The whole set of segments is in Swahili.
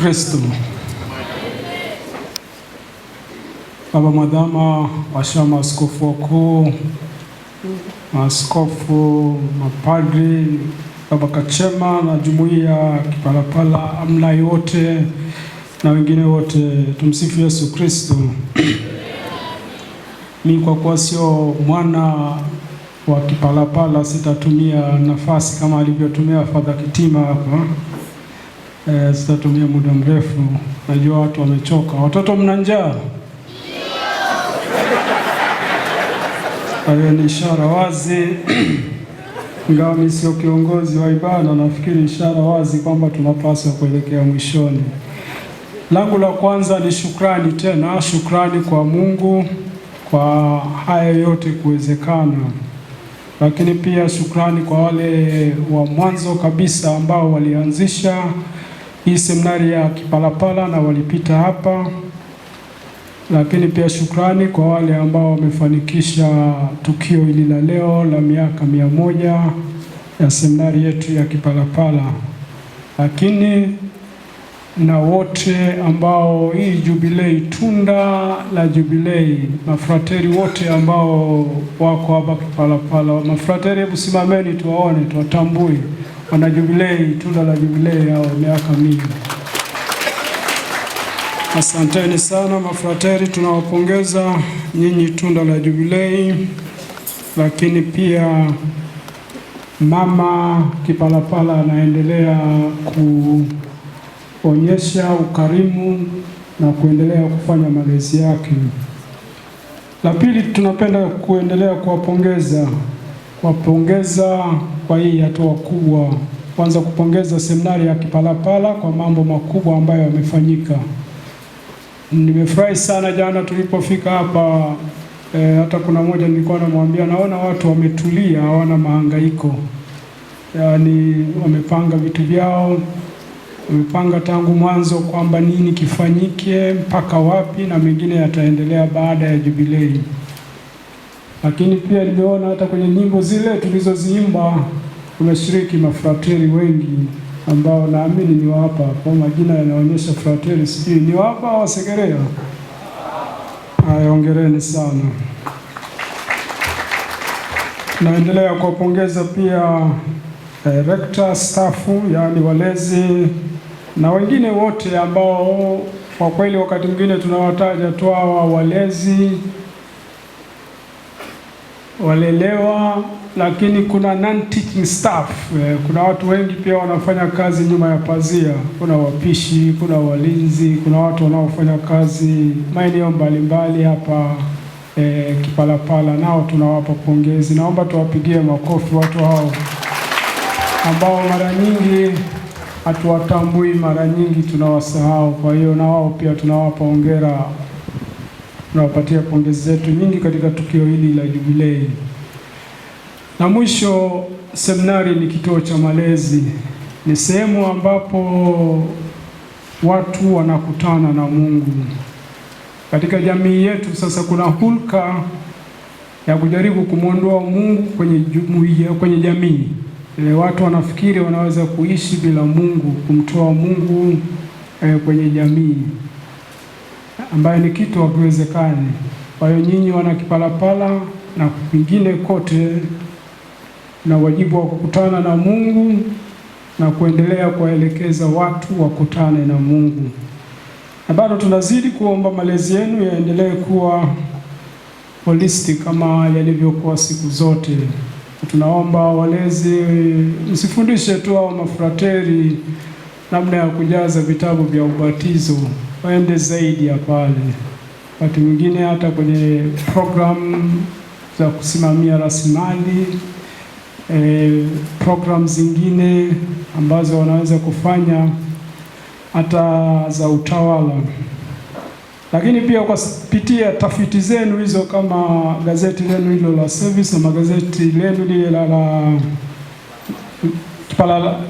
Kristo. Baba mwadhama, washawa maaskofu wakuu, maaskofu, mapadri, baba Kachema na jumuiya Kipalapala, amlai wote na wengine wote, tumsifu Yesu Kristo. Mi kwa kuwa sio mwana wa Kipalapala sitatumia nafasi kama alivyotumia Fadha Kitima hapa eh, sitatumia muda mrefu. Najua watu wamechoka. Watoto mna njaa? Hiyo ni ishara wazi ingawa mi sio kiongozi wa ibada, nafikiri ishara wazi kwamba tunapaswa kuelekea mwishoni. Langu la kwanza ni shukrani, tena shukrani kwa Mungu kwa haya yote kuwezekana, lakini pia shukrani kwa wale wa mwanzo kabisa ambao walianzisha hii seminari ya Kipalapala na walipita hapa, lakini pia shukrani kwa wale ambao wamefanikisha tukio hili la leo la miaka mia moja ya seminari yetu ya Kipalapala, lakini na wote ambao hii jubilei, tunda la jubilei, mafrateri wote ambao wako hapa Kipalapala. Mafrateri, hebu simameni tuwaone, tuwatambue wana jubilei, tunda la jubilei hao miaka mingi. Asanteni sana mafrateri, tunawapongeza nyinyi tunda la jubilei, lakini pia mama Kipalapala anaendelea kuonyesha ukarimu na kuendelea kufanya malezi yake. La pili, tunapenda kuendelea kuwapongeza kuwapongeza kwa hii hatua kubwa, kwanza kupongeza seminari ya Kipalapala kwa mambo makubwa ambayo yamefanyika. Nimefurahi sana jana tulipofika hapa e, hata kuna moja nilikuwa namwambia, naona watu wametulia, hawana mahangaiko, yaani wamepanga vitu vyao, wamepanga tangu mwanzo kwamba nini kifanyike mpaka wapi, na mengine yataendelea baada ya jubilei. Lakini pia nimeona hata kwenye nyimbo zile tulizoziimba umeshiriki mafrateri wengi ambao naamini ni wapa kwa majina yanaonyesha frateri, sijui ni wapa wa Segerea. Ayongereni sana. Naendelea kuwapongeza pia eh, rekta stafu, yaani walezi na wengine wote ambao kwa kweli wakati mwingine tunawataja tu hawa walezi walelewa, lakini kuna non teaching staff. Eh, kuna watu wengi pia wanafanya kazi nyuma ya pazia. Kuna wapishi, kuna walinzi, kuna watu wanaofanya kazi maeneo mbalimbali hapa e, Kipalapala, nao tunawapa pongezi. Naomba tuwapigie makofi watu hao ambao mara nyingi hatuwatambui, mara nyingi tunawasahau. Kwa hiyo na wao pia tunawapa hongera tunawapatia pongezi zetu nyingi katika tukio hili la jubilei. Na mwisho, seminari ni kituo cha malezi, ni sehemu ambapo watu wanakutana na Mungu. Katika jamii yetu sasa kuna hulka ya kujaribu kumwondoa Mungu kwenye jumuiya, kwenye jamii. E, watu wanafikiri wanaweza kuishi bila Mungu, kumtoa Mungu e, kwenye jamii ambayo ni kitu hakiwezekani. Kwa hiyo nyinyi wana Kipalapala na kwingine kote, na wajibu wa kukutana na Mungu na kuendelea kuwaelekeza watu wakutane na Mungu, na bado tunazidi kuomba malezi yenu yaendelee kuwa holistic kama yalivyokuwa siku zote. Tunaomba walezi, msifundishe tu hao mafrateri namna ya kujaza vitabu vya ubatizo waende zaidi ya pale. Wakati mwingine hata kwenye program za kusimamia rasilimali eh, program zingine ambazo wanaweza kufanya hata za utawala, lakini pia kwa kupitia tafiti zenu hizo, kama gazeti lenu hilo la Service na magazeti lenu lile la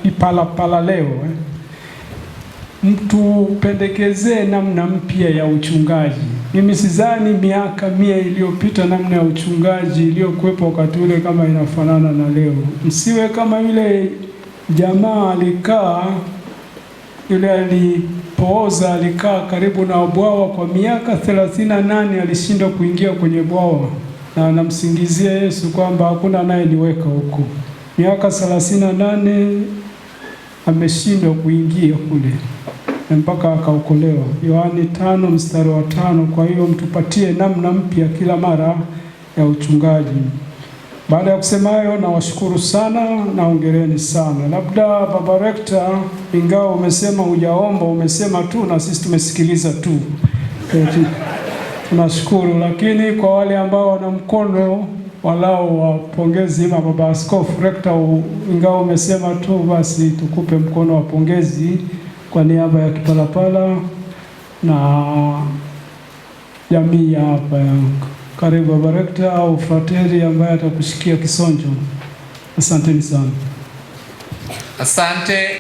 Ipalapala leo eh mtupendekezee namna mpya ya uchungaji. Mimi sidhani miaka mia iliyopita namna ya uchungaji iliyokuwepo wakati ule kama inafanana na leo. Msiwe kama yule jamaa alikaa, yule alipooza alikaa karibu na bwawa kwa miaka thelathini na nane alishindwa kuingia kwenye bwawa, na anamsingizia Yesu kwamba hakuna anayeniweka huko. Miaka thelathini na nane ameshindwa kuingia kule mpaka akaokolewa. Yohani tano mstari wa tano. Kwa hiyo mtupatie namna mpya kila mara ya uchungaji. Baada ya kusema hayo, nawashukuru sana na ongereni sana. Labda baba rekta, ingawa umesema hujaomba, umesema tu na sisi tumesikiliza tu tunashukuru, lakini kwa wale ambao wana mkono walao wapongezi pongezi, ima baba askofu rekta, ingawa umesema tu, basi tukupe mkono wa pongezi kwa niaba ya Kipalapala na jamii ya hapa ya karibu Rekta au frateri ambaye atakusikia Kisonjo. Asanteni sana, asante.